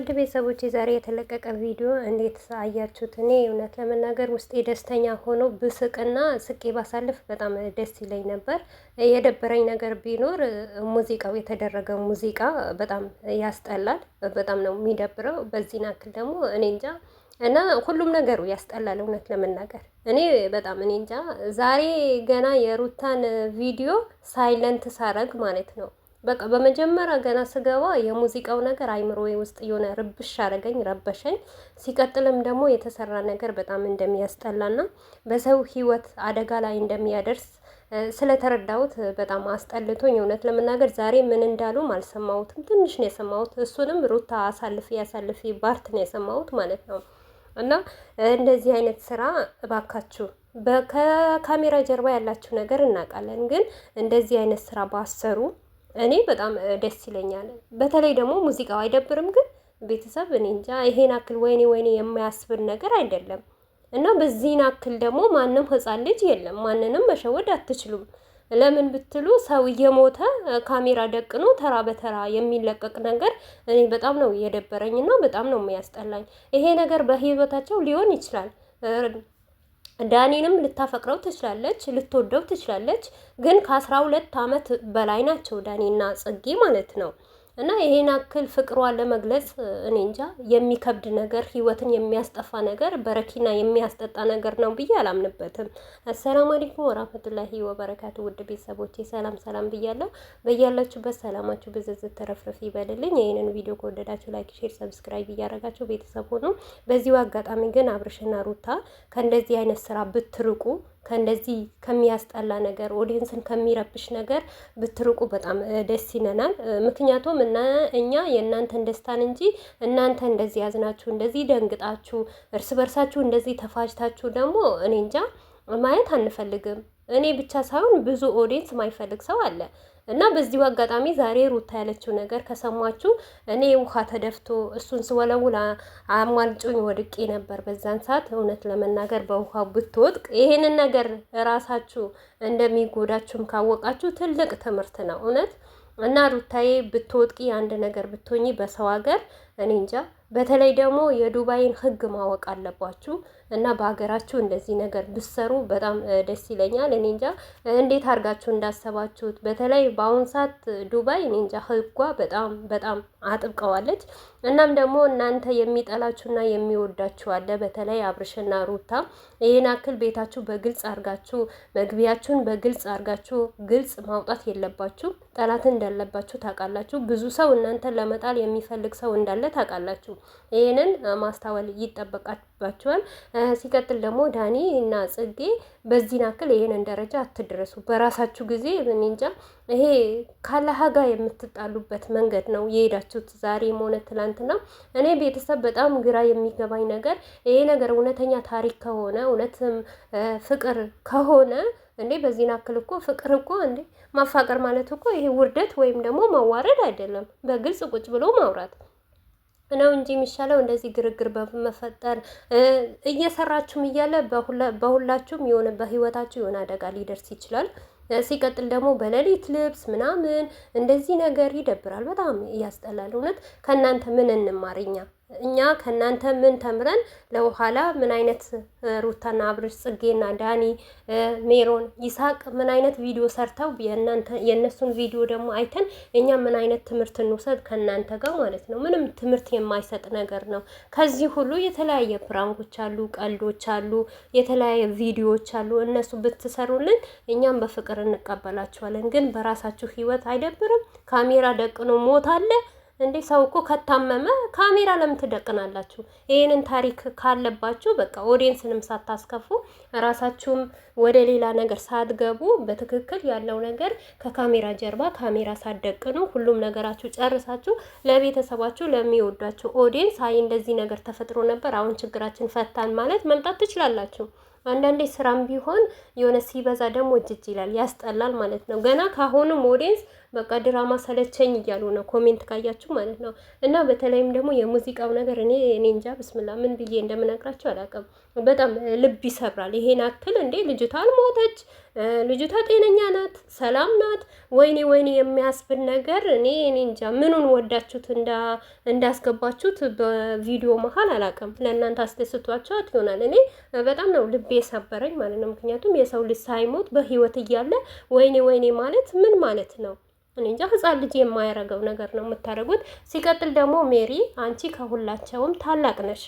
ውድ ቤተሰቦች የዛሬ የተለቀቀ ቪዲዮ እንዴት አያችሁት? እኔ እውነት ለመናገር ውስጤ ደስተኛ ሆኖ ብስቅና ስቄ ባሳልፍ በጣም ደስ ይለኝ ነበር። የደበረኝ ነገር ቢኖር ሙዚቃው የተደረገ ሙዚቃ በጣም ያስጠላል። በጣም ነው የሚደብረው። በዚህ ናክል ደግሞ እኔ እንጃ እና ሁሉም ነገሩ ያስጠላል። እውነት ለመናገር እኔ በጣም እኔ እንጃ ዛሬ ገና የሩታን ቪዲዮ ሳይለንት ሳረግ ማለት ነው በቃ በመጀመሪያ ገና ስገባ የሙዚቃው ነገር አይምሮ ውስጥ የሆነ ርብሽ አረገኝ፣ ረበሸኝ። ሲቀጥልም ደግሞ የተሰራ ነገር በጣም እንደሚያስጠላና በሰው ህይወት አደጋ ላይ እንደሚያደርስ ስለተረዳሁት በጣም አስጠልቶኝ እውነት ለመናገር ዛሬ ምን እንዳሉም አልሰማሁትም። ትንሽ ነው የሰማሁት። እሱንም ሩታ አሳልፊ አሳልፊ ባርት ነው የሰማሁት ማለት ነው። እና እንደዚህ አይነት ስራ እባካችሁ ከካሜራ ጀርባ ያላችሁ ነገር እናውቃለን፣ ግን እንደዚህ አይነት ስራ ባሰሩ እኔ በጣም ደስ ይለኛል። በተለይ ደግሞ ሙዚቃው አይደብርም፣ ግን ቤተሰብ እኔ እንጃ ይሄን አክል ወይኔ ወይኔ የማያስብል ነገር አይደለም እና በዚህን አክል ደግሞ ማንም ህፃን ልጅ የለም። ማንንም መሸወድ አትችሉም። ለምን ብትሉ ሰው እየሞተ ካሜራ ደቅኖ ተራ በተራ የሚለቀቅ ነገር እኔ በጣም ነው የደበረኝ እና በጣም ነው የሚያስጠላኝ። ይሄ ነገር በህይወታቸው ሊሆን ይችላል ዳኒንም ልታፈቅረው ትችላለች፣ ልትወደው ትችላለች። ግን ከአስራ ሁለት ዓመት በላይ ናቸው ዳኒና ጽጌ ማለት ነው። እና ይሄን አክል ፍቅሯን ለመግለጽ እኔ እንጃ የሚከብድ ነገር ህይወትን የሚያስጠፋ ነገር በረኪና የሚያስጠጣ ነገር ነው ብዬ አላምንበትም። አሰላሙ አለይኩም ወራህመቱላሂ ወበረካቱ። ውድ ቤተሰቦቼ ሰላም ሰላም ብያለሁ። በያላችሁበት ሰላማችሁ ብዝዝት ተረፍረፍ ይበልልኝ። ይህንን ቪዲዮ ከወደዳችሁ ላይክ፣ ሼር፣ ሰብስክራይብ እያደረጋችሁ ቤተሰብ ሆኑ። በዚሁ አጋጣሚ ግን አብርሽና ሩታ ከእንደዚህ አይነት ስራ ብትርቁ ከእንደዚህ ከሚያስጠላ ነገር ኦዲየንስን ከሚረብሽ ነገር ብትርቁ በጣም ደስ ይለናል። ምክንያቱም እኛ የእናንተን ደስታን እንጂ እናንተ እንደዚህ ያዝናችሁ፣ እንደዚህ ደንግጣችሁ፣ እርስ በርሳችሁ እንደዚህ ተፋጅታችሁ ደግሞ እኔ እንጃ ማየት አንፈልግም። እኔ ብቻ ሳይሆን ብዙ ኦዲየንስ ማይፈልግ ሰው አለ እና በዚሁ አጋጣሚ ዛሬ ሩታ ያለችው ነገር ከሰማችሁ፣ እኔ ውሃ ተደፍቶ እሱን ስወለውላ አማልጮኝ ወድቄ ነበር። በዛን ሰዓት እውነት ለመናገር በውሃ ብትወጥቅ ይሄንን ነገር ራሳችሁ እንደሚጎዳችሁም ካወቃችሁ ትልቅ ትምህርት ነው እውነት እና ሩታዬ ብትወጥቂ አንድ ነገር ብትሆኚ በሰው ሀገር እኔ እንጃ በተለይ ደግሞ የዱባይን ህግ ማወቅ አለባችሁ እና በሀገራችሁ እንደዚህ ነገር ብሰሩ በጣም ደስ ይለኛል። እኔ እንጃ እንዴት አድርጋችሁ እንዳሰባችሁት። በተለይ በአሁን ሰዓት ዱባይ እኔ እንጃ በጣም በጣም አጥብቀዋለች። እናም ደግሞ እናንተ የሚጠላችሁና የሚወዳችሁ አለ። በተለይ አብርሽና ሩታ ይህን አክል ቤታችሁ በግልጽ አድርጋችሁ መግቢያችሁን በግልጽ አድርጋችሁ ግልጽ ማውጣት የለባችሁ። ጠላት እንዳለባችሁ ታውቃላችሁ። ብዙ ሰው እናንተን ለመጣል የሚፈልግ ሰው እንዳለ ታውቃላችሁ። ይህንን ማስታወል ይጠበቃባቸዋል። ሲቀጥል ደግሞ ዳኒ እና ጽጌ በዚህን ያክል ይህንን ደረጃ አትድረሱ። በራሳችሁ ጊዜ ምን እንጃ ይሄ ካለሀ የምትጣሉበት መንገድ ነው የሄዳችሁት ዛሬም ሆነ ትላንትና። እኔ ቤተሰብ በጣም ግራ የሚገባኝ ነገር ይሄ ነገር እውነተኛ ታሪክ ከሆነ እውነትም ፍቅር ከሆነ እንዴ በዚህ ናክል እኮ ፍቅር እኮ እንዴ ማፋቀር ማለት እኮ ይሄ ውርደት ወይም ደግሞ መዋረድ አይደለም። በግልጽ ቁጭ ብሎ ማውራት ነው እንጂ የሚሻለው እንደዚህ ግርግር በመፈጠር እየሰራችሁም እያለ በሁላችሁም የሆነ በህይወታችሁ የሆነ አደጋ ሊደርስ ይችላል። ሲቀጥል ደግሞ በሌሊት ልብስ ምናምን እንደዚህ ነገር ይደብራል። በጣም ያስጠላል። እውነት ከእናንተ ምን እንማርኛ? እኛ ከእናንተ ምን ተምረን ለበኋላ ምን አይነት ሩታና አብርሽ ጽጌና ዳኒ ሜሮን ይስሐቅ ምን አይነት ቪዲዮ ሰርተው የእነሱን ቪዲዮ ደግሞ አይተን እኛ ምን አይነት ትምህርት እንውሰድ ከእናንተ ጋር ማለት ነው። ምንም ትምህርት የማይሰጥ ነገር ነው። ከዚህ ሁሉ የተለያየ ፕራንኮች አሉ፣ ቀልዶች አሉ፣ የተለያየ ቪዲዮዎች አሉ። እነሱ ብትሰሩልን እኛም በፍቅር እንቀበላቸዋለን ግን በራሳችሁ ህይወት አይደብርም? ካሜራ ደቅኖ ሞት አለ። እንዴ ሰው እኮ ከታመመ ካሜራ ለምን ትደቅናላችሁ? ይህንን ታሪክ ካለባችሁ በቃ ኦዲየንስንም ሳታስከፉ ራሳችሁም ወደ ሌላ ነገር ሳትገቡ በትክክል ያለው ነገር ከካሜራ ጀርባ ካሜራ ሳደቅኑ ሁሉም ነገራችሁ ጨርሳችሁ ለቤተሰባችሁ ለሚወዷችሁ ኦዲየንስ አይ እንደዚህ ነገር ተፈጥሮ ነበር፣ አሁን ችግራችን ፈታን ማለት መምጣት ትችላላችሁ። አንዳንዴ ስራም ቢሆን የሆነ ሲበዛ ደግሞ እጅጅ ይላል፣ ያስጠላል ማለት ነው። ገና ካሁኑም ኦዲየንስ በቃ ድራማ ሰለቸኝ እያሉ ነው ኮሜንት ካያችሁ ማለት ነው። እና በተለይም ደግሞ የሙዚቃው ነገር እኔ እኔ እንጃ ብስምላ ምን ብዬ እንደምነግራቸው አላውቅም። በጣም ልብ ይሰብራል። ይሄን አክል እንዴ ልጅቷ አልሞተች፣ ልጅቷ ጤነኛ ናት፣ ሰላም ናት። ወይኔ ወይኔ የሚያስብል ነገር እኔ እኔ እንጃ ምኑን ወዳችሁት እንዳስገባችሁት በቪዲዮ መሀል አላውቅም። ለእናንተ አስደስቷቸዋት ይሆናል። እኔ በጣም ነው ልቤ የሰበረኝ ማለት ነው። ምክንያቱም የሰው ልጅ ሳይሞት በህይወት እያለ ወይኔ ወይኔ ማለት ምን ማለት ነው? እኔ እንጃ ህፃን ልጅ የማያረገው ነገር ነው የምታደርጉት። ሲቀጥል ደግሞ ሜሪ አንቺ ከሁላቸውም ታላቅ ነሽ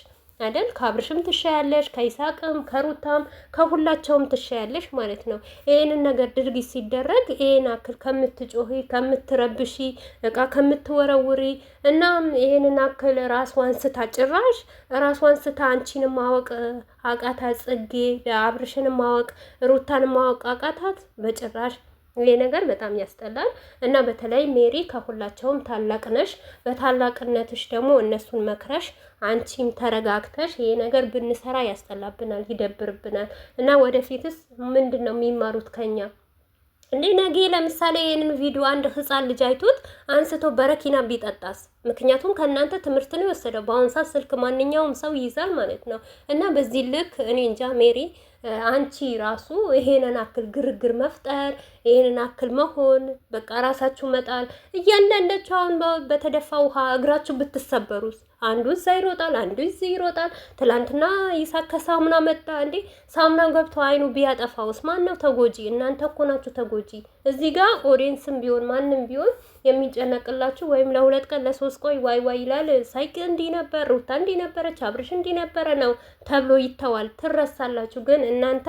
አይደል? ከአብርሽም ትሻያለሽ፣ ከይሳቅም፣ ከሩታም ከሁላቸውም ትሻያለሽ ማለት ነው። ይህንን ነገር ድርጊት ሲደረግ ይህን አክል ከምትጮሂ፣ ከምትረብሺ፣ እቃ ከምትወረውሪ እናም ይህንን አክል ራስዋን ስታ ጭራሽ ራስዋን ስታ አንቺን ማወቅ አቃታት፣ ጽጌ አብርሽን ማወቅ ሩታን ማወቅ አቃታት በጭራሽ ይሄ ነገር በጣም ያስጠላል እና በተለይ ሜሪ ከሁላቸውም ታላቅ ነሽ። በታላቅነትሽ ደግሞ እነሱን መክረሽ አንቺም ተረጋግተሽ ይሄ ነገር ብንሰራ ያስጠላብናል፣ ይደብርብናል እና ወደፊትስ ምንድን ነው የሚማሩት ከኛ? እንዴ ነገ ለምሳሌ ይህንን ቪዲዮ አንድ ህፃን ልጅ አይቶት አንስቶ በረኪና ቢጠጣስ ምክንያቱም ከእናንተ ትምህርት ነው የወሰደው። በአሁን ሰዓት ስልክ ማንኛውም ሰው ይይዛል ማለት ነው። እና በዚህ ልክ እኔ እንጃ ሜሪ፣ አንቺ ራሱ ይሄንን አክል ግርግር መፍጠር፣ ይሄንን አክል መሆን፣ በቃ ራሳችሁ መጣል፣ እያንዳንዳችሁ አሁን በተደፋ ውሃ እግራችሁ ብትሰበሩስ? አንዱ እዛ ይሮጣል፣ አንዱ እዚህ ይሮጣል። ትላንትና ይሳ ከሳሙና መጣ እንዴ! ሳሙናን ገብቶ አይኑ ቢያጠፋውስ ማን ነው ተጎጂ? እናንተ እኮ ናችሁ ተጎጂ። እዚህ ጋር ኦዲየንስም ቢሆን ማንም ቢሆን የሚጨነቅላችሁ ወይም ለሁለት ቀን ለሶስት ቆይ ዋይ ዋይ ይላል። ሳይቅ እንዲህ ነበር፣ ሩታ እንዲህ ነበረች፣ አብርሽ እንዲህ ነበረ ነው ተብሎ ይተዋል። ትረሳላችሁ ግን እናንተ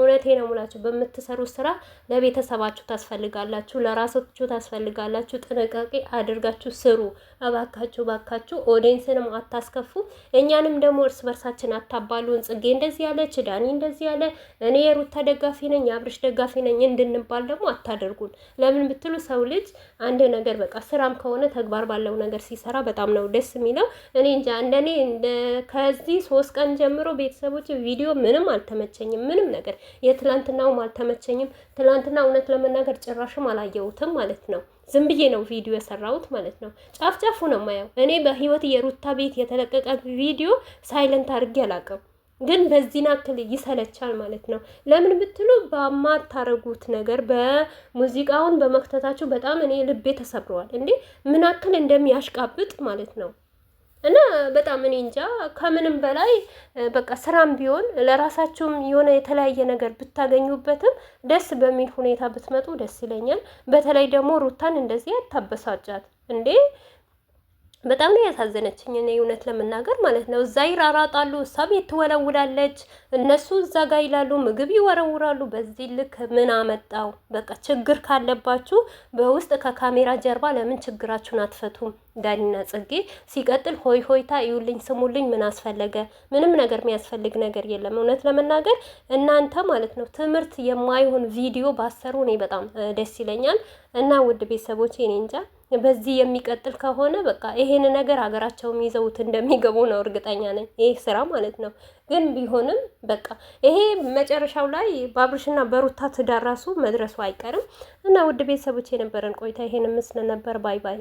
እውነቴ ነው ሙላችሁ። በምትሰሩት ስራ ለቤተሰባችሁ ታስፈልጋላችሁ፣ ለራሳችሁ ታስፈልጋላችሁ። ጥንቃቄ አድርጋችሁ ስሩ። እባካችሁ እባካችሁ፣ ኦዲየንስንም አታስከፉ፣ እኛንም ደግሞ እርስ በርሳችን አታባሉን። ጽጌ እንደዚህ ያለች፣ ዳኒ እንደዚህ ያለ፣ እኔ የሩታ ደጋፊ ነኝ፣ አብርሽ ደጋፊ ነኝ እንድንባል ደግሞ አታደርጉን። ለምን ብትሉ ሰው ልጅ አንድ ነገር በቃ ስራም ከሆነ ተግባር ባለው ነገር ሲሰራ በጣም ነው ደስ የሚለው። እኔ እንጃ እንደኔ ከዚህ ሶስት ቀን ጀምሮ ቤተሰቦች ቪዲዮ ምንም አልተመቸኝም ምንም ነገር የትላንትናውም አልተመቸኝም። ትላንትና እውነት ለመናገር ጭራሽም አላየሁትም ማለት ነው። ዝም ብዬ ነው ቪዲዮ የሰራሁት ማለት ነው። ጫፍ ጫፉ ነው ማየው። እኔ በህይወት የሩታ ቤት የተለቀቀ ቪዲዮ ሳይለንት አድርጌ አላውቅም። ግን በዚህ ናክል ይሰለቻል ማለት ነው። ለምን ብትሉ በማታረጉት ነገር በሙዚቃውን በመክተታችሁ በጣም እኔ ልቤ ተሰብረዋል። እንዴ ምን አክል እንደሚያሽቃብጥ ማለት ነው። እና በጣም እኔ እንጃ ከምንም በላይ በቃ ስራም ቢሆን ለራሳችሁም የሆነ የተለያየ ነገር ብታገኙበትም ደስ በሚል ሁኔታ ብትመጡ ደስ ይለኛል። በተለይ ደግሞ ሩታን እንደዚህ አታበሳጫት እንዴ! በጣም ነው ያሳዘነችኝ። እኔ እውነት ለመናገር ማለት ነው እዛ ይራራጣሉ፣ እሷ ቤት ትወለውላለች፣ እነሱ እዛ ጋ ይላሉ፣ ምግብ ይወረውራሉ። በዚህ ልክ ምን አመጣው? በቃ ችግር ካለባችሁ በውስጥ ከካሜራ ጀርባ ለምን ችግራችሁን አትፈቱም? ዳኒና ጽጌ ሲቀጥል ሆይ ሆይታ እዩልኝ፣ ስሙልኝ፣ ምን አስፈለገ? ምንም ነገር የሚያስፈልግ ነገር የለም። እውነት ለመናገር እናንተ ማለት ነው ትምህርት የማይሆን ቪዲዮ ባሰሩ እኔ በጣም ደስ ይለኛል። እና ውድ ቤተሰቦች እኔ እንጃ በዚህ የሚቀጥል ከሆነ በቃ ይሄን ነገር ሀገራቸውም ይዘውት እንደሚገቡ ነው እርግጠኛ ነኝ። ይህ ስራ ማለት ነው። ግን ቢሆንም በቃ ይሄ መጨረሻው ላይ በአብርሽና በሩታ ትዳር ራሱ መድረሱ አይቀርም እና ውድ ቤተሰቦች የነበረን ቆይታ ይሄን ምስል ነበር። ባይ ባይ።